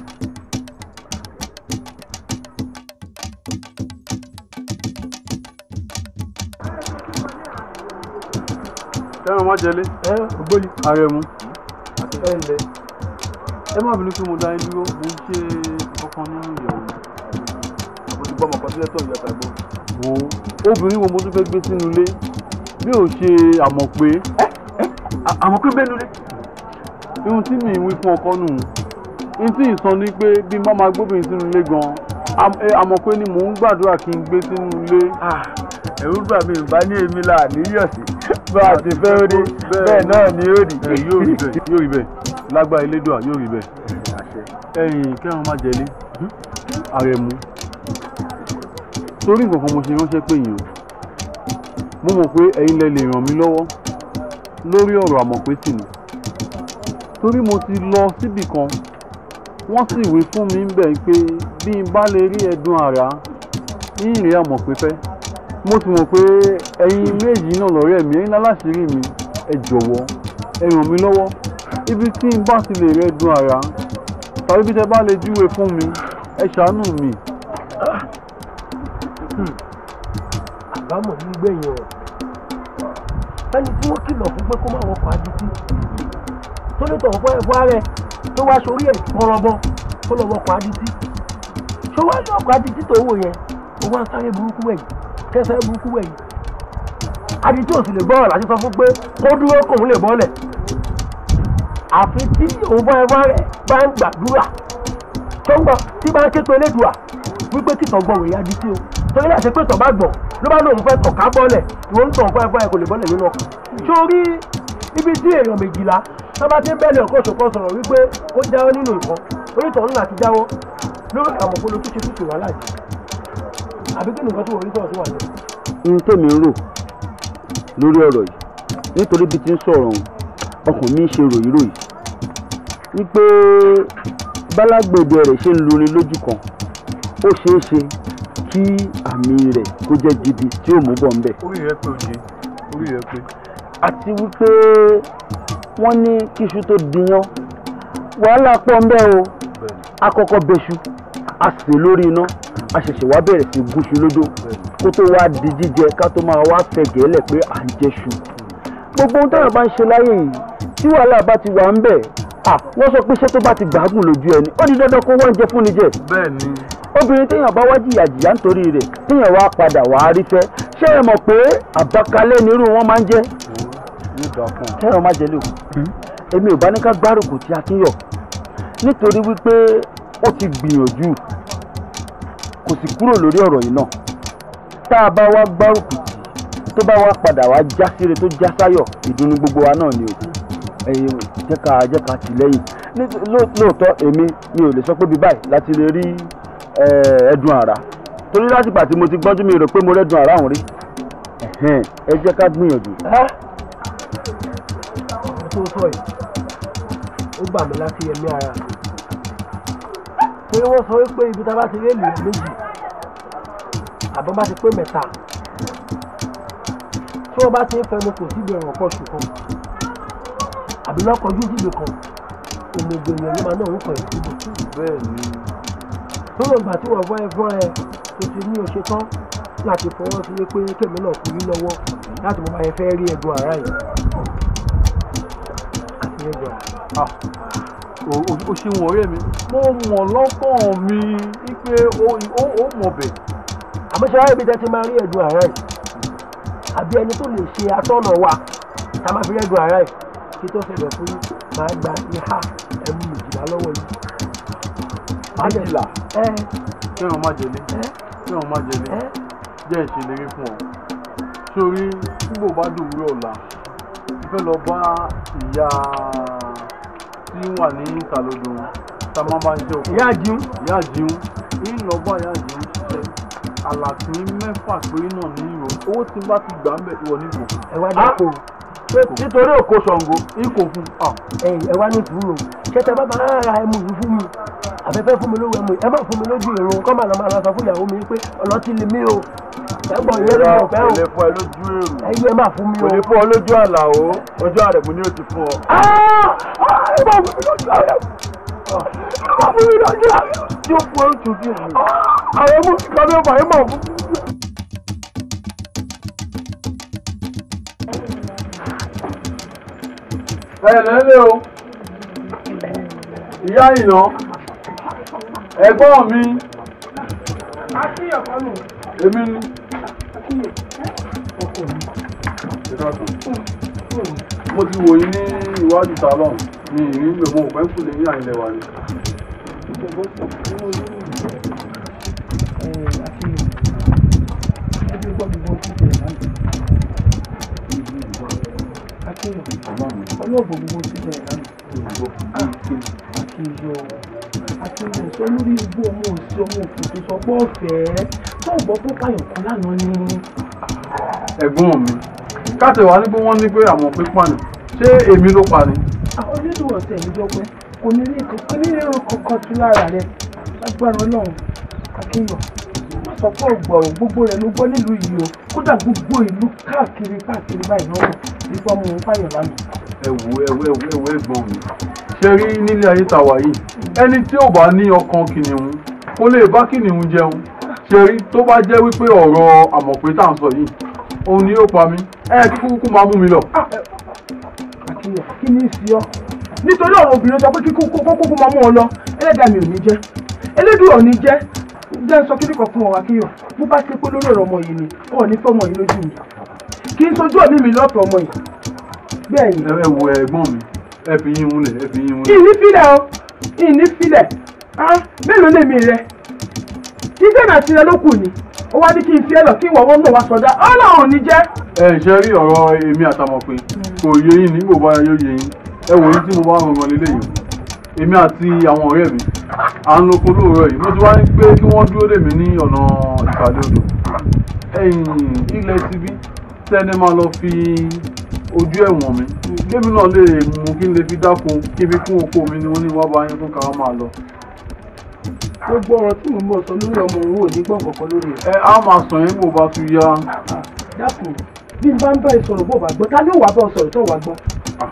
ẹran má jẹlé. ẹ ògbóni. àrẹ̀mú. ẹ ǹlẹ́ ẹ má bínú pé mo dá yín dúró mo ń ṣe ọkàn nínú ìyàwó. mo ti gbọ́ ọmọ kan sílẹ̀ tó ìyá tàgbọ́. wo obìnrin wo mo tún fẹ́ gbé sínú ilé bí ò ṣe àmọ̀ pé. àmọ̀ pé bẹ́ẹ̀ nulẹ̀. irun tí mi wí fún ọkọ nù n tí ìsan ni pé bí má máa gbóbìnrin sínú ilé gan-an àmọ̀ pé ni mò ń gbàdúrà kí n gbé sínú ilé ẹ̀rú gbà mí ìbá ní èmi là níyọ̀ sí bá a ti fẹ́ ó dé bẹ́ẹ̀ náà ni ó rí. yóò rí bẹ́ẹ̀ yóò rí bẹ́ẹ̀ lágbára elédùà yóò rí bẹ́ẹ̀. ẹ̀yin kẹ́hìn má jẹ́lé àrẹ̀mú torí nǹkan kan mo ṣe ránṣẹ́ pé yìí o mo mọ̀ pé ẹ̀yin lẹ lè ràn mí lọ́wọ́ lórí ọ̀rọ̀ àmọ̀pé tì mí torí mo ti lọ síbì kan wọ́n sì wí fún mi ń bẹ̀ pé bí n bá lè rí ẹ̀dùn àrà ń rèé àmọ̀pé mo ti mọ̀ pé ẹ̀yin méjì náà lọ́rẹ́ mi ẹ̀yin láláṣírí mi ẹ jọ̀wọ́ ẹ ràn mí lọ́wọ́ ibi tí n bá ti lè rẹ dun ara tàbí bí tẹ bá lè júwe fún mi ẹ ṣàánú mi. àbámọ̀ ní gbẹ̀yìn ọ̀rọ̀ ẹni tí wọ́n kìlọ̀ fún pé kó má wọkọ̀ adití tó lè tọ̀ fún ẹ̀fọ́ tó wá sórí ẹ̀ pọ̀rọ̀bọ kó lọ́ wọkọ̀ adití ṣó wá lọ́kọ̀ adití tó wò yẹn ó wá burúkú wẹ̀yìn kẹsẹ̀ burúkú wẹ̀yìn adi tí o sì lè bọ́ ọ̀la sísọ fún pé kó dúró kóun lè bọ́lẹ̀ àfi tí òun bá ẹwà rẹ̀ bá ń gbàdúrà tó ń gbà tí bá ń ké pé elédùà wípé títọ̀ gbọ̀ wòye adi tí o torí àti pé tọ̀ bá gbọ̀ ló bá lóun fẹ́ tọ̀ká bọ́lẹ̀ ìwọ ń tọ̀ fún ẹ̀fọ́ ẹ̀ kò lè bọ́lẹ̀ nínú ọkọ̀ sórí ibi tí èèyàn méjìlá tó bá ti ń bẹ́ẹ̀lì ọkọ̀ ṣòkan sọ̀rọ̀ wípé ó jáwọ́ nínú nǹkan onítọ̀ọ́nù láti jáwọ́ lórí àmọ̀pọ̀ lójúṣe tútù wà láàyè àbí kí nìkan tó wọlé sọ̀rọ̀ tó wà lẹ́yìn. ohun tèmi ń rò lórí ọ̀rọ̀ yìí nítorí bí ti ń sọ̀rọ̀ ọ̀hún ọkàn mi ń ṣe ròyìnròyìn wípé bálágbèdè rẹ̀ ṣe ń luni lójú kan ó ṣeé ṣe kí àmì rẹ̀ kó jẹ́ gidi tí ó mú bọ̀ ńbẹ̀. orí rẹ pé oje orí rẹ pé. àti wípé wọ́n ní kíṣu tó dìyàn wàhálà pọ̀ ńbẹ̀ o akọ́kọ́ bẹṣu a sè lórí iná a ṣẹ̀ṣẹ̀ wá bẹ̀rẹ̀ sí gúnṣu lódó kó tó wá di jíjẹ ká tó máa wá fẹ́ gẹ́lẹ̀ pé à ń jẹṣu gbogbo ohun táwọn bá ń ṣe láyé yìí tí wàhálà bá ti wà ń bẹ̀ à wọ́n sọ pé iṣẹ́ tó bá ti gbàágùn lójú ẹni ó di dandan kó wọ́n jẹ fún ni jẹ. bẹ́ẹ̀ni. obìnrin téèyàn bá wá jìyà jìyà nítorí rẹ̀ téèyàn wá padà wá rí fẹ́ ṣé ẹ mọ̀ pé àbákalẹ̀ nírú wọn máa ń jẹ́. ṣé ẹ máa jẹ ó ti gbìyànjú kò sì kúrò lórí ọ̀rọ̀ yìí náà tá a bá wá gbárùkù tó bá wá padà wá já síre tó já sáyọ̀ ìdùnnú gbogbo wa náà ni o ẹ̀yin jẹ́ ká jẹ́ ká tì lẹ́yìn lóòótọ́ èmi mi ò lè sọ pé bíi báyìí láti lè rí ẹ̀ẹ́dùn àrà torí látìgbà tí mo ti gbọ́njú mi rò pé mo rẹ́dùn àrà òun rí ẹ jẹ́ ká gbìyànjú. tó sọ yìí ó gbà mí láti ẹ̀mí ara mi pé wọ́n sọ pé ibi tá a bá ti rí ènìyàn méjì àbọ̀ bá ti pé mẹ́ta tí wọ́n bá ti ń fẹnu kò síbi ọ̀rọ̀ pọ̀ ṣùgbọ́n àbí lọ́kọ̀ọ́jú síbi kan òmùgbò èèyàn ló máa náà ń pẹ̀ síbi. bẹ́ẹ̀ ni. tó lọ gbà tí wọ́n fọ́ ẹ fọ́ ẹ tó ti ní oṣù tán láti fọwọ́ sí pé kèmí náà kò rí lọ́wọ́ láti mo máa fẹ́ rí ẹ̀dùn àárá yìí àti ẹ̀dùn àárá. Ah o ṣe wọ ọ̀rẹ́ mi mo mọ̀ lọ́kàn mi wípé ó mọ̀ bẹ̀. àmọ́ṣáá ibi tẹ́ ti máa rí ẹ̀dùn àárẹ̀ yìí àbí ẹni tó lè ṣe atọ́nà wa tá a máa fi rẹ́dùn àárẹ̀ yìí kí tó ṣẹlẹ̀ fún yín máa gba ìhà ẹ̀mú méjìlá lọ́wọ́ yìí. méjìlá ṣé wọn máa jẹlé wọn máa jẹ́ ìṣèlérí fún ọ sórí nígbò bá dùn wúrọ̀ ọ̀la ìfẹ́ lọ bá ìyá tí wà ní ìsàlódò tá a jẹ òkú. ìyá àjíun. ìyá àjíun ìlọ́gbà ìyá àjíun ṣiṣẹ́ àlàtí mẹ́fà péré náà ní ìrò owó tí bá ti gbà ń bẹ̀ wọ nígbò. ẹ wá dáko nítorí òkò ṣàngó ikò fún. ẹ wá ní sùúrù ṣé tẹ bá bá ara ẹmu yìí fún mi àfẹ́fẹ́ fún mi lówó ẹmu ẹ fún mi lójú ìrun kọ́ máa lọ máa lọ sọ fún ìyàwó mi pé ọlọ́tí lè mí o ẹgbọ́n yẹn ló mọ̀ fẹ́ o fún ẹ lójú èrò ẹyí ẹ má fún mi o kò lè fún ọ lójú àlà o ojú àrẹ̀mú ni ó ti fún ọ. Ah! Ah! ẹ lẹ́lẹ́ ah! o ìyá ìná ẹ̀gbọ́n mi èmi ni. mo ti wòye ní iwájú salon mi ìrìn ń lò mọ òpẹ́ kù lè ní àyìnlẹ̀ wa ni. Akéyọ̀ ọlọ́ọ̀bù gbogbo ti bẹ̀rẹ̀ lánàá. Akéyọ̀. Ah, àti ohun ọ̀sọ́ lórí igbó ọmọ òsì ọmọ òfò tó sọ pé ọ̀fẹ́ tó gbọ́ pé pààyàn kan lánàá ni. ẹ̀gbọ́n mi káṣẹ̀ wá ní pé wọ́n ní pé àwọn pípààyàn ṣé èmi ló pa ni. àwọn onídùúrọ̀ tẹ̀ ń jọ pé kò ní ní ìrọ̀ kankan tún lára rẹ̀ lágbára ọlọ́run akínyàn àkọ́kọ́ ọ̀gbà ò gbogbo rẹ̀ ló gbọ́ nílùú yìí o kódà gbogbo ìlú káàkiri káàkiri báyìí lọ́wọ́ ìfọ́ mu fáyọ̀ lánàá. ẹ wo ẹ wo ẹ wo ẹ wo ẹ̀gbọ́n mi ṣe rí nílé ayé ta wà yìí ẹni tí ò bá ní ọkàn kìnìún kó lè bá kìnìún jẹun ṣe rí tó bá jẹ́ wípé ọ̀rọ̀ àmọ̀pé tá à ń sọ yìí òun ni yóò pa mí ẹ kúkú máa mú mi lọ. Ah, kí ni ìsì ọ nítorí ọ̀rọ̀ obìnrin sọ pé kíkú kókó máa mú ọ lọ ẹlẹ́dàá mi ò ní jẹ́ elédùn ò ní jẹ́ jẹ́ ń sọ kí nìkan fún ọ akíyọ̀ bó bá ti pé lórí ọ̀rọ̀ ọmọ yìí ni ọ̀ ní fọ́mọ yìí lójú mi kì í sojú ọ̀mí mi lọ́ọ̀tọ̀ ọmọ yìí bẹ́ẹ̀ ni. ẹ wo ẹ̀gbọ́n mi ẹ fi yín múlẹ̀ ẹ fi yín múlẹ̀. ìní filẹ̀ o ìní filẹ̀ á mélòó lèmi rẹ iṣẹ́ náà tirẹ̀ ló kù ni ó wá ní kí n fi ẹ lọ kí ìwọ ọmọ wa sọdá ọlọ́run ní jẹ́. ẹ ṣe rí ọ̀rọ̀ èmi àtàmọ̀pin kò yé yín ní gbogbo èmi àti àwọn ọ̀rẹ́ mi à ń loko lóòrọ̀ yìí mo ti wá ní pé kí wọ́n dúró dè mí ní ọ̀nà ìpàdé odò ẹ̀yìn ilẹ̀ ti bí tẹ́ni máa lọ fi ojú ẹ̀wọ̀n mi kébì náà lè mú kí n lè fi dákun kébì fún oko mi ni wọ́n ní wọ́n bá yín fún káwọn máa lọ. gbogbo ọ̀rọ̀ tí mo mọ̀ sọ lórí ọmọ òun ò ní gbọ̀n kankan lórí ẹ̀. ẹ á máa sàn yín bó bá tún yá. dákun bí n bá ń bá ìsọ̀rọ̀ bó bá gbọ́ ta ló wàá bá ọ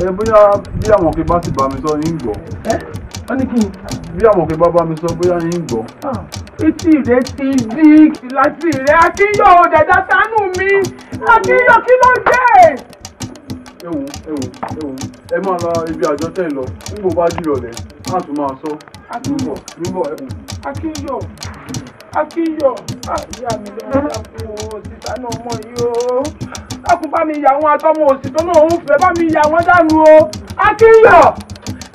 ẹ bóyá bí àwọn kí bá sì bá mi sọ yín gbọ́. ẹ wọ́n ní kí n. bí àwọn kí bá bá mi sọ bóyá yín gbọ́. Ah, etí rẹ ti di láti rẹ akínyọ òdàdà sánú mi akínyọ kí ló dé. ẹ wò ẹ ẹ máa lọ ibi àjọ tẹ̀ lọ nígbò bá dìrọ̀lẹ́ láti máa sọ. akínyọ akínyọ akíyọ̀ àyà ah, mi lọ́wọ́ dákun òsìta náà mọ̀ yìí o dákun bá mi yà wọn àtọmọ òsìta náà ń fẹ́ bá mi yà wọn dànù o akíyọ̀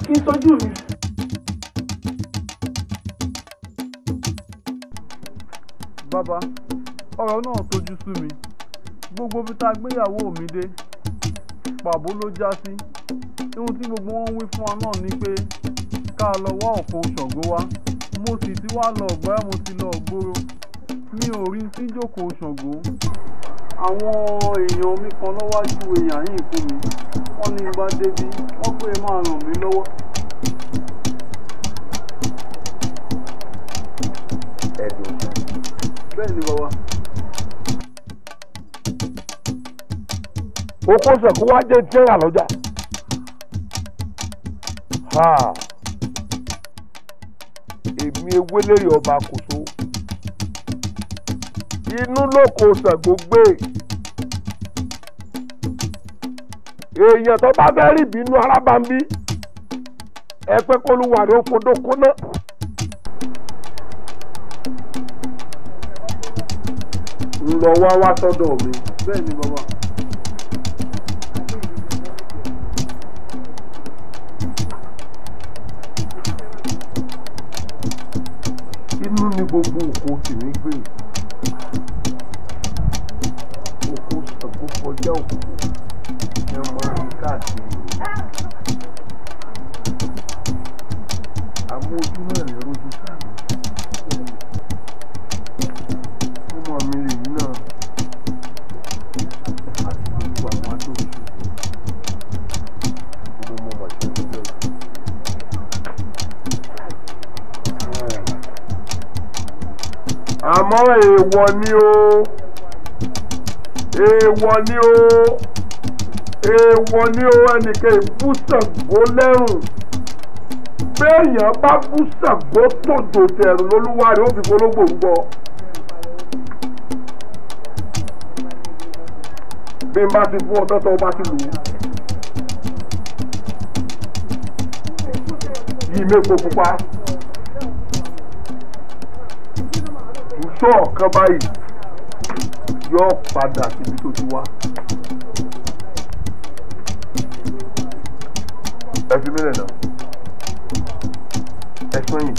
kí n tọ́jú mi. bàbá ọ̀rọ̀ náà tójú sú mi gbogbo bí tá a gbéyàwó mi dé pàbó ló já sí ohun tí gbogbo wọn wí fún wa náà ni pé ká lọ wá òkú Ṣàngó wá mo sì ti wá lọ ọ̀gbọ́n mo ti lọ ọ̀gbọ́rọ̀ mi ò rí tí jókòó ṣàngó àwọn èèyàn mi kan lọ́wájú èèyàn yìí fún mi wọ́n ní gba débi wọ́n pé máa ràn mí lọ́wọ́. ẹ̀dùn bẹ́ẹ̀ ni bàbá. okòó sọ̀kú wá jẹ́ jẹ́rà lọ́jà. èmi ewélérè ọba kòso inú lóko Ṣàngó gbé èèyàn tó bá fẹ́ rí ìbínú arábàmbí ẹ pé kó lu wàrí òfodó kóná. wá wá sọ́dọ̀ mi. bẹ́ẹ̀ bàbá. ní gbogbo oko tèmi gbé oko ṣàgbó kọjá òkú ẹ máa rí káàkiri àmójúmọ́. ṣùgbọ́n èèwọ̀ ni o èèwọ̀ ni o èèwọ̀ ni o ẹnìkan ìbúsàgbó lẹ́rùn béèyàn bá búsàgbó tòjò tẹ̀rù lolúwarí ó fi gbólógbò gbọ́. bí n bá ti fún ọtọ́ tó o bá ti lù ú. yìí mẹ́kọ̀ọ́ pupa. tó ọ̀kan báyìí yóò padà síbi tó ti wá. ẹ fi mílẹ̀ náà ẹ sọ́yìn.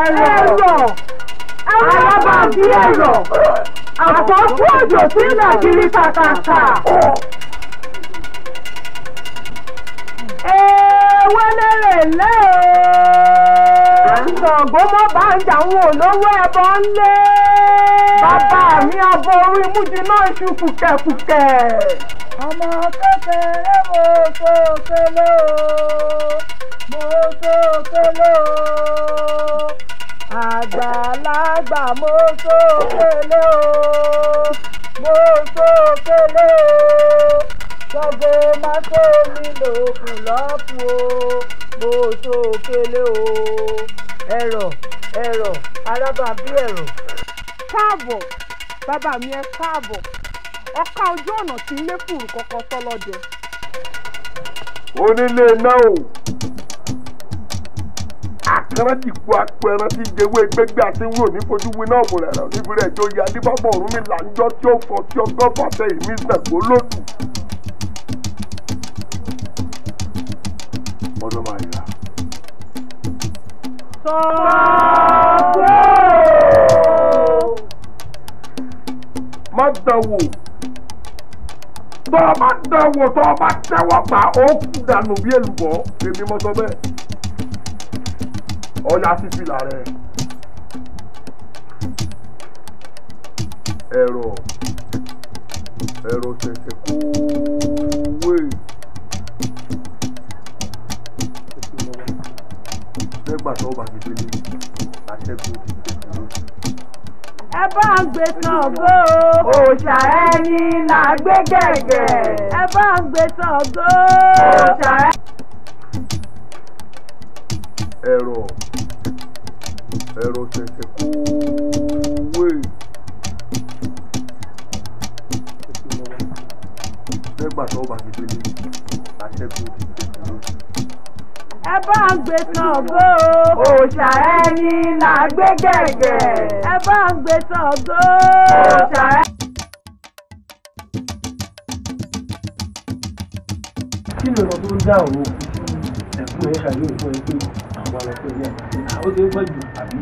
ẹ̀rọ ẹ̀rọ àwọn bàbá àti ẹ̀rọ àkọ́kú òjò sí nàìjírí kàkàkà. ewé lérè lé o. ṣàngó mọ́ bá ń jà àwọn olówó ẹbọ ńlé. bàbá mi abọ orí mújì náà ṣu kùkẹ̀kùkẹ̀. ọmọ kékeré mo tó kélé o mo tó kélé o àgbàlagbà mo sókèlè o mo sókèlè o ṣọgbó mọ́tò mi lòkùn lọ́kùn o mo sókèlè o ẹ̀rọ ẹ̀rọ arábàbí ẹ̀rọ. káàbọ̀ bàbá mi ẹ káàbọ̀ ọ̀ka ojú ọ̀nà tí ń lé fùrù kọ̀ọ̀kan tọ́lọ́dẹ. onílé náà o àkàrán dìgbò apẹran tí ìjẹwé gbẹgbẹ àti wúrò ní fojú winá ọ̀mùrẹ̀rẹ̀ níbi rẹ̀ tó yẹ adébábọ̀ ọ̀run mi là tí ó kọ tí ọgọ́ fàtẹ ìmí sẹ̀kó lódù. ọdún máa yà. sọ́ọ́ má dánwò tọ́ ọ dánwò tọ́ ọ tẹ́wọ́ gbà ó kú dànù bí èlùbọ́ èmi mọ́ sọ bẹ́ẹ̀ ọ̀ya fífìlà rẹ̀ ẹ̀rọ ẹ̀rọ ṣẹ̀ṣẹ̀ kówé nígbà tó bá ti délé àṣẹ́gun ẹ bá ń gbé tán ògo òòṣà ẹni là gbé gẹ̀gẹ̀ ẹ bá ń gbé tán ògo òòṣà ẹni. àgbégẹ̀gẹ̀. ẹ bá ń gbé Ṣàngó. kí ló lọ tó ń dá òun ẹ̀kú ẹ̀ ṣàlùyẹ̀ fún ẹ pé àwọn ọlọ́pẹ́ yẹn ó ti ń pẹ́ jù àbí.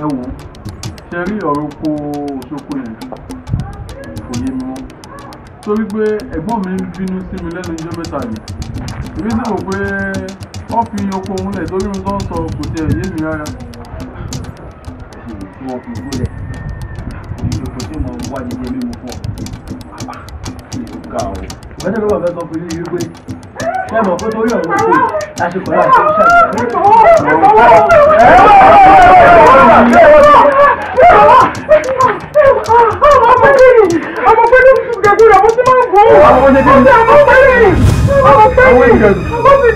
ẹ wò ó ṣe rí ọ̀rọ̀ kó Òṣogbo yẹn kò yé mi mọ́ torí pé ẹ̀gbọ́n mi ń bínú sí mi lẹ́nu ijọ́ mẹ́ta yìí èmi pé wọ́n fi oko òun lẹ̀ torí ohun tó ń sọ kò tẹ̀ yé mi rárá. wọ́n fi ìlú lẹ̀ orí oko tí mo wá jẹjẹ mímu fún ọ bàbá kí ga o. ìgbésẹ̀ ló wà fẹ́ sọ ṣé mọ̀ pé torí ọ̀rọ̀ òkú lásìkò náà ṣe ń ṣàgbéyàwó. ọmọ pẹ́ẹ́lì ọmọ pẹ́ẹ́lì ọmọ pẹ́ẹ́lì ọmọ pẹ́ẹ́lì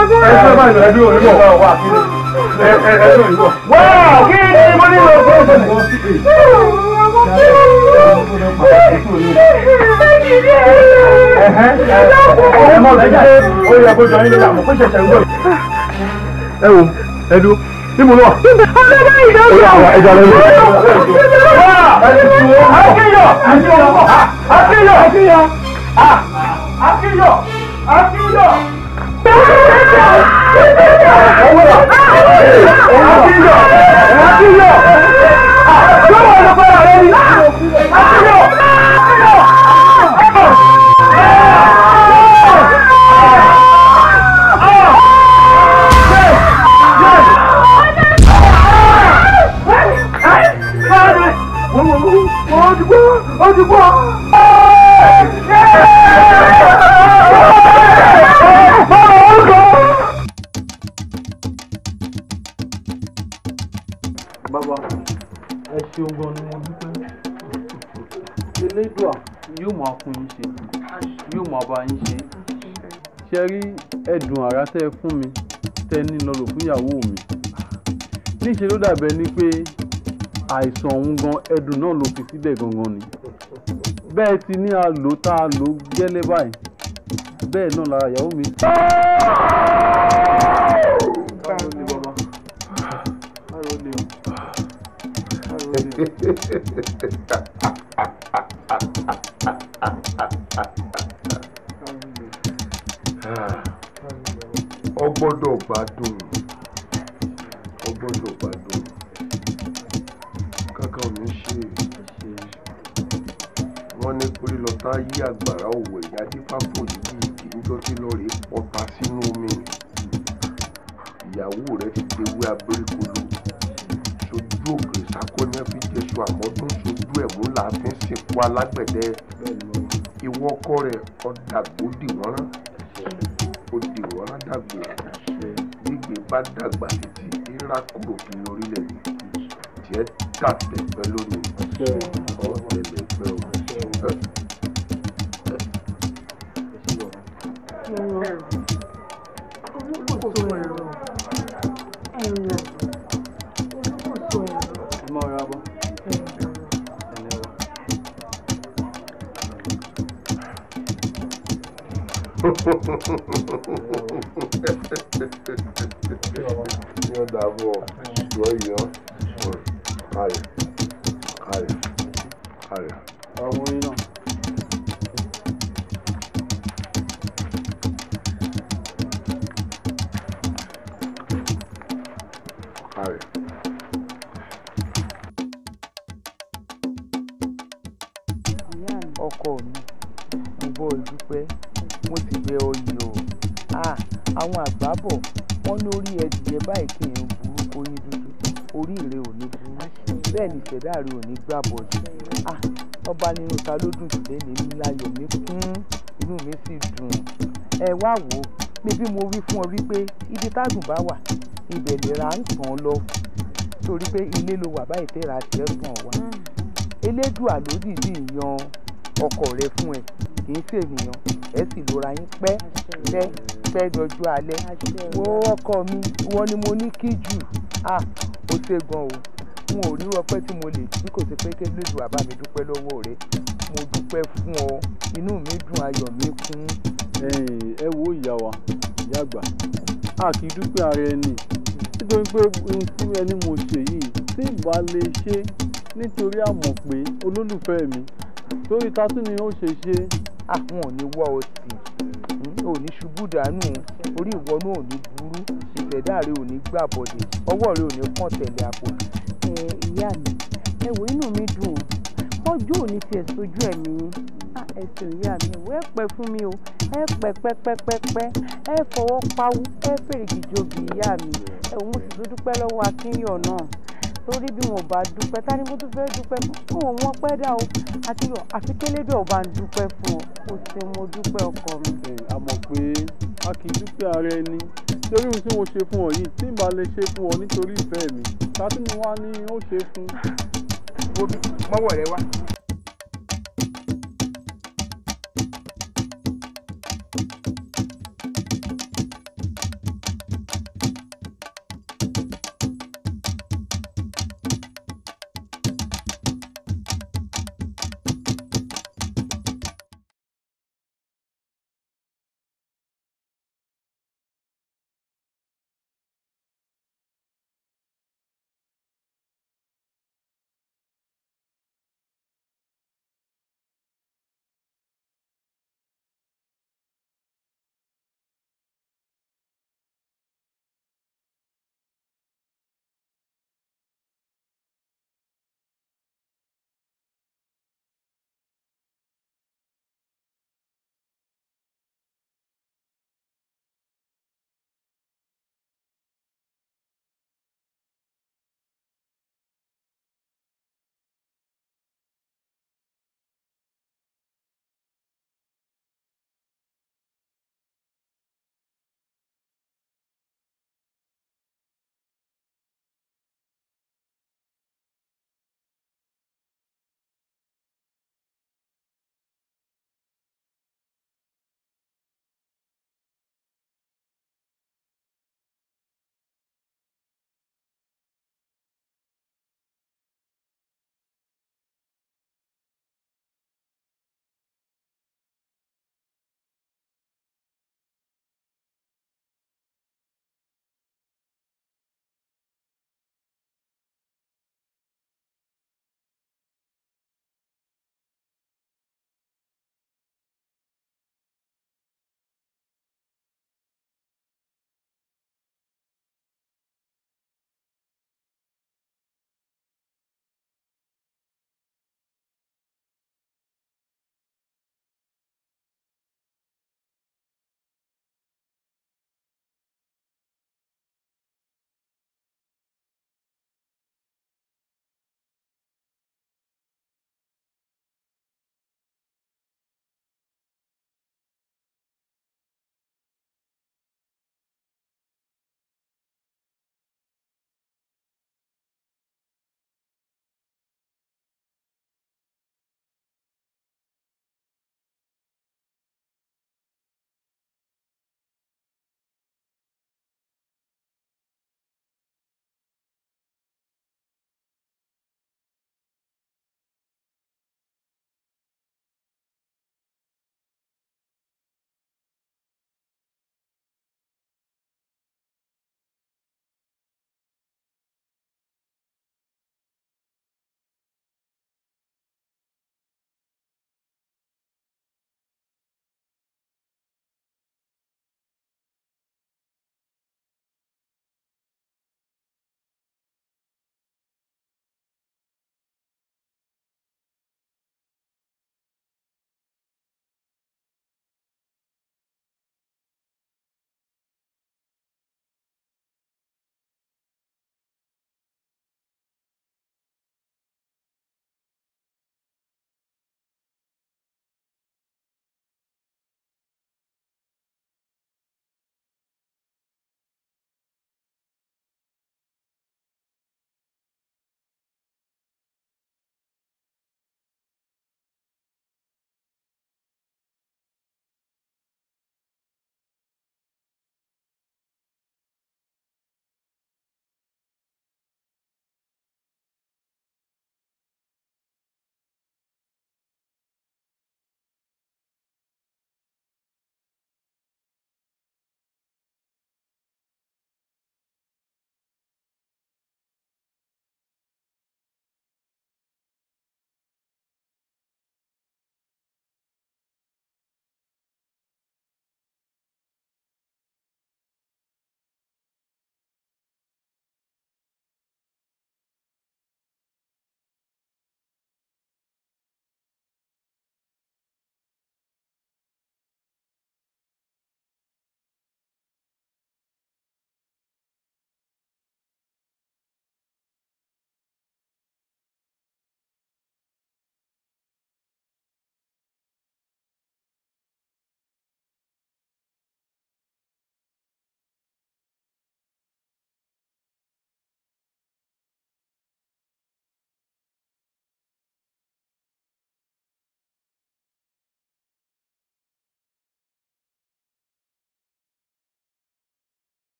ẹsẹ̀ báyìí lọ ẹdúró nígbà wà wà kí ni ẹdúró nígbà. wá kí ni mo ní lọ fún ọsẹ nìkan sí i. ẹ wo ẹ dúró ní mo lọ. ọlọ́dọ̀ ìjọba ìjọba ìjọba. wá akéyọ̀ akéyọ̀ akéyọ̀. ¡Es tẹ́ ẹ fún mi tẹ́ ẹ fún ìyàwó mi níṣẹ́ ló dàbẹ̀ ni pé àìsàn òun gan ẹ̀dùn náà ló fi síbẹ̀ gangan ni bẹ́ẹ̀ ti ní a tá a lò gẹ́lẹ́ báyìí bẹ́ẹ̀ náà lára ìyàwó mi. alágbẹ̀dẹ ìwọ ọkọ rẹ̀ ọ̀dàgbò dì wọ́n rán ó dì wọ́n rán dàgbò gbígbé bá dàgbà títí ìrà kúrò kí lórílẹ̀ yìí tiẹ̀ tàtẹ́. sáré. ọkọ mi mo bọ́ ọ dúpẹ́ mo sì bẹ oyè o àwọn àgbà bọ̀ wọ́n lórí ẹdìyẹ báyìí kì í burú kó yín dúdú orí ìrẹ ò burú bẹ́ẹ̀ ni ìṣẹ̀dá rẹ ò ní gbà bọ̀dù ọba nínú ta ló dùn jù lẹ́nu mi láyọ̀ mi kún inú mi sì dùn ẹ wá wò ó pé bí mo wí fún ọ wípé ibi tágùn bá wà ibẹ̀ lè ra ń tàn lọ torí pé ilé ló wà báyìí tẹ́ra tiẹ̀ tàn wá hmm. elédùà ló dìdí yan ọkọ rẹ fún ẹ kì í ṣènìyàn ẹ sì lóra yín pẹ́ pẹ́ pẹ́ dọjú alẹ́ wo ọkọ mi wọ́n ni mo ní kí jù ah ó ṣe gan o n ò rí tí mo lè bí kò sí pé kí elédùà bá mi dúpẹ́ lọ́wọ́ rẹ mo dúpẹ́ fún ọ inú mi dùn ayọ̀ mi kún. ẹ wo ìyá wa ìyá àgbà a kì í dúpẹ́ ara ẹni nítorí pé ohun tí ẹni mo ṣe yìí tí ìbá lè ṣe nítorí àmọ̀ pé olólùfẹ́ mi torí tatú ni ó ṣe ṣe. àwọn ah, ò ní wá ọ sí hmm, ò ní ṣubú dànù orí ìwọ náà ò ní burú ìṣẹ̀dá rẹ ò ní gbà bọ̀dẹ̀ ọwọ́ rẹ ò kàn tẹ̀lé àpò. ẹ ìyá mi ẹ wo inú mi dùn ọjọ́ òní tiẹ̀ sójú ẹ̀mí ẹsẹ̀ òye àmì ìwé ẹ̀pẹ̀ fún mi o ẹ̀pẹ̀ pẹ́pẹ́pẹ́pẹ́ ẹ fọwọ́ pawú ẹ fèrè gìjòbì ìyá mi ẹ̀wọ̀n mo sì tún dúpẹ́ lọ́wọ́ akínyàn náà torí bí wọn bá dúpẹ́ tani mo tún fẹ́ dúpẹ́ fún òun wọn pẹ́ dá o àti àfi kélédè ọba ń dúpẹ́ fún ọ o ṣe mo dúpẹ́ ọkọ mi. ẹ a mọ̀ pé a kì í dúpẹ́ ara ẹni torí ohun tí mo ṣe fún ọ yìí tí n bá lè ṣe fún ọ nítorí ìfẹ́ mi tàbí mi wá ní ó ṣe fún. mo rẹ wá.